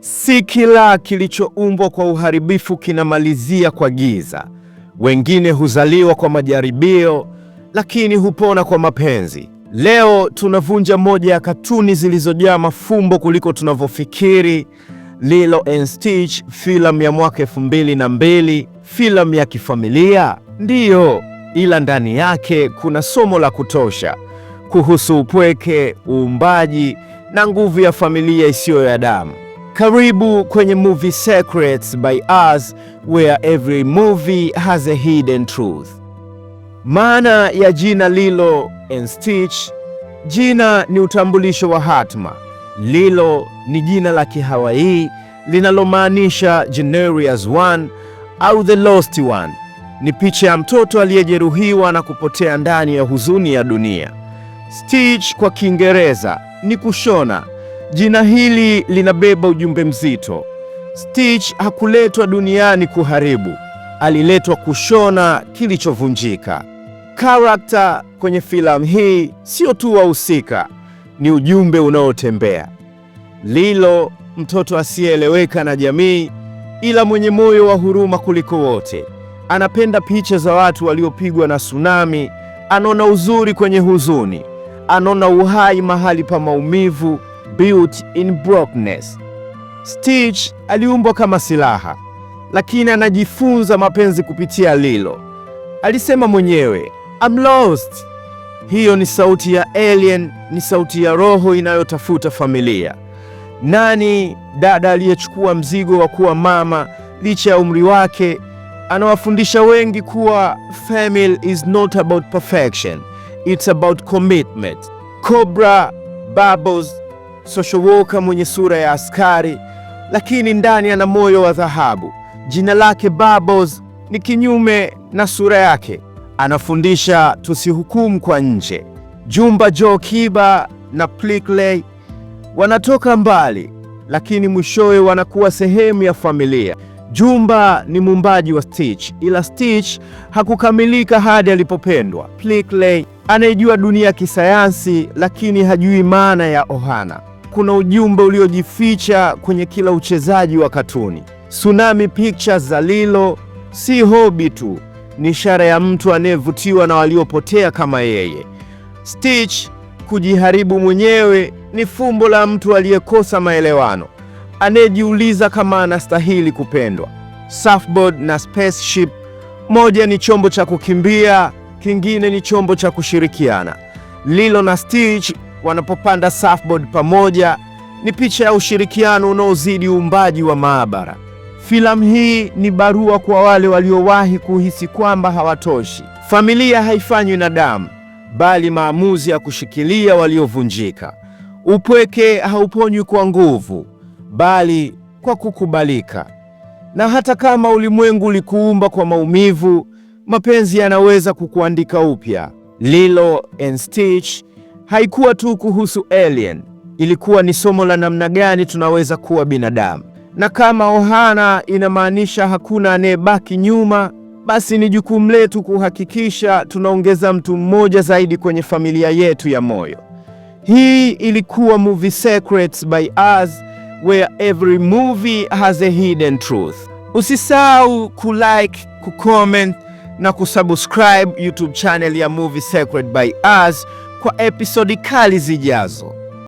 Si kila kilichoumbwa kwa uharibifu kinamalizia kwa giza. Wengine huzaliwa kwa majaribio, lakini hupona kwa mapenzi. Leo tunavunja moja ya katuni zilizojaa mafumbo kuliko tunavyofikiri. Lilo and Stitch, filamu ya mwaka elfu mbili na mbili, filamu ya kifamilia ndiyo, ila ndani yake kuna somo la kutosha kuhusu upweke, uumbaji na nguvu ya familia isiyo ya damu. Karibu kwenye Movie Secrets by Us where every movie has a hidden truth. Maana ya jina Lilo and Stitch, jina ni utambulisho wa hatma. Lilo ni jina la Kihawaii linalomaanisha Generous One au the Lost One. Ni picha ya mtoto aliyejeruhiwa na kupotea ndani ya huzuni ya dunia. Stitch kwa Kiingereza ni kushona Jina hili linabeba ujumbe mzito. Stitch hakuletwa duniani kuharibu, aliletwa kushona kilichovunjika. Karakta kwenye filamu hii sio tu wahusika, ni ujumbe unaotembea. Lilo, mtoto asiyeeleweka na jamii, ila mwenye moyo wa huruma kuliko wote. Anapenda picha za watu waliopigwa na tsunami, anaona uzuri kwenye huzuni, anaona uhai mahali pa maumivu built in brokenness. Stitch aliumbwa kama silaha, lakini anajifunza mapenzi kupitia lilo. Alisema mwenyewe, I'm lost. Hiyo ni sauti ya alien, ni sauti ya roho inayotafuta familia. Nani dada aliyechukua mzigo wa kuwa mama licha ya umri wake? Anawafundisha wengi kuwa family is not about perfection, it's about commitment. Cobra Bubbles Social Worker mwenye sura ya askari, lakini ndani ana moyo wa dhahabu. Jina lake babos ni kinyume na sura yake. Anafundisha tusihukumu kwa nje. Jumba Joe Kiba na Plikley wanatoka mbali, lakini mwishowe wanakuwa sehemu ya familia. Jumba ni muumbaji wa Stitch, ila Stitch hakukamilika hadi alipopendwa. Plikley anayejua dunia ya kisayansi, lakini hajui maana ya Ohana kuna ujumbe uliojificha kwenye kila uchezaji wa katuni. Tsunami Pictures za Lilo si hobi tu, ni ishara ya mtu anayevutiwa na waliopotea kama yeye. Stitch kujiharibu mwenyewe ni fumbo la mtu aliyekosa maelewano, anayejiuliza kama anastahili kupendwa. Surfboard na Spaceship, moja ni chombo cha kukimbia, kingine ni chombo cha kushirikiana. Lilo na Stitch wanapopanda surfboard pamoja ni picha ya ushirikiano unaozidi uumbaji wa maabara. Filamu hii ni barua kwa wale waliowahi kuhisi kwamba hawatoshi. Familia haifanywi na damu, bali maamuzi ya kushikilia waliovunjika. Upweke hauponywi kwa nguvu, bali kwa kukubalika. Na hata kama ulimwengu ulikuumba kwa maumivu, mapenzi yanaweza kukuandika upya. Lilo and Stitch haikuwa tu kuhusu alien, ilikuwa ni somo la namna gani tunaweza kuwa binadamu. Na kama Ohana inamaanisha hakuna anayebaki nyuma, basi ni jukumu letu kuhakikisha tunaongeza mtu mmoja zaidi kwenye familia yetu ya moyo. Hii ilikuwa Movie Secrets by Us where every movie has a hidden truth. Usisahau kulike, kucomment na kusubscribe YouTube channel ya Movie Secret by Us kwa episodi kali zijazo.